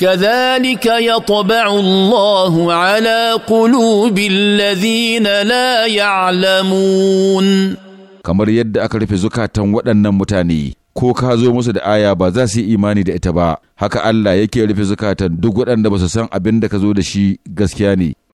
كذلك يطبع الله على قلوب الذين لا يعلمون kamar yadda aka rufe zukatan waɗannan mutane ko ka zo musu da aya ba za su yi imani da ita ba haka Allah yake rufe zukatan duk waɗanda ba su san abin da ka zo da shi gaskiya ne